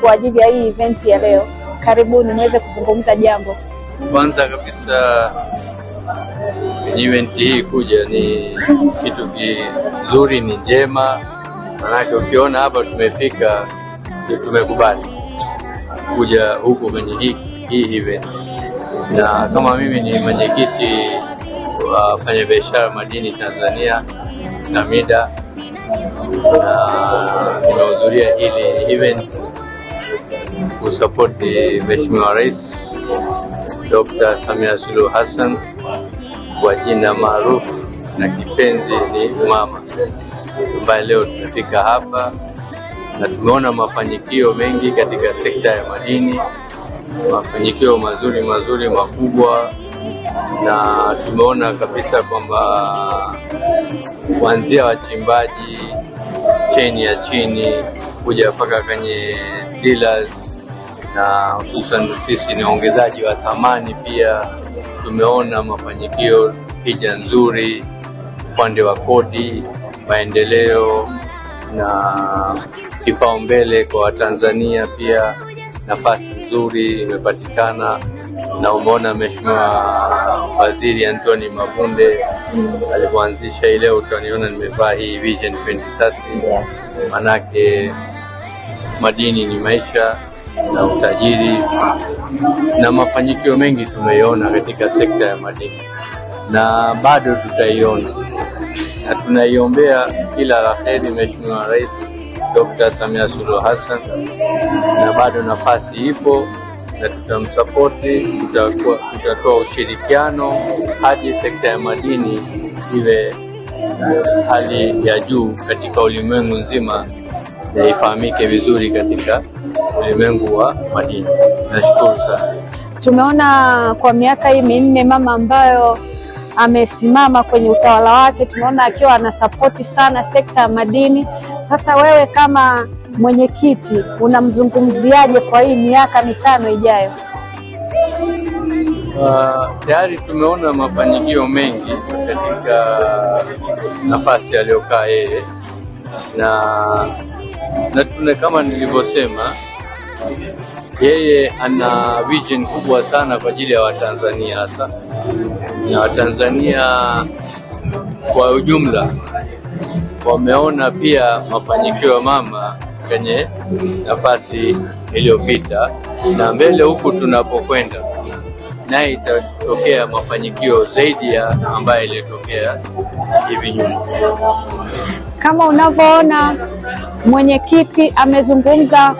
kwa ajili ya hii event ya leo. Karibuni niweze kuzungumza jambo. Kwanza kabisa kwenye event hii kuja ni kitu kizuri, ni njema, manake ukiona hapa tumefika, tumekubali kuja huku kwenye hii, hii event, na kama mimi ni mwenyekiti wa wafanyabiashara madini Tanzania NAMIDA na nimehudhuria hili event kusapoti Mheshimiwa Rais Dr. Samia Suluhu Hassan kwa jina maarufu na kipenzi ni mama, ambaye leo tumefika hapa na tumeona mafanikio mengi katika sekta ya madini, mafanikio mazuri mazuri makubwa, na tumeona kabisa kwamba kuanzia wachimbaji chini ya chini kuja mpaka kwenye dealers na hususan sisi ni waongezaji wa thamani. Pia tumeona mafanikio, tija nzuri upande wa kodi, maendeleo na kipaumbele kwa Watanzania. Pia nafasi nzuri imepatikana na umeona Mheshimiwa Waziri Anthony Mavunde alipoanzisha hii leo, utaniona nimevaa hii Vision 2030 yes. Manake madini ni maisha na utajiri na mafanikio mengi tumeiona katika sekta ya madini na bado tutaiona, na tunaiombea kila la heri Mheshimiwa Rais Dr. Samia Suluhu Hassan, na bado nafasi ipo na tutamsapoti, tutatoa ushirikiano hadi sekta ya madini iwe hali ya juu katika ulimwengu nzima na ifahamike vizuri katika ulimwengu wa madini. Nashukuru sana. Tumeona kwa miaka hii minne mama ambayo amesimama kwenye utawala wake, tumeona akiwa anasapoti sana sekta ya madini. Sasa wewe kama mwenyekiti unamzungumziaje kwa hii miaka mitano ijayo? Ah, tayari uh, tumeona mafanikio mengi katika nafasi aliyokaa yeye na na tuna kama nilivyosema yeye ana vision kubwa sana kwa ajili ya Watanzania hasa na Watanzania kwa ujumla wameona pia mafanikio ya mama kwenye nafasi iliyopita, na mbele huku tunapokwenda naye itatokea mafanikio zaidi ya ambayo ilitokea hivi nyuma. Kama unavyoona mwenyekiti amezungumza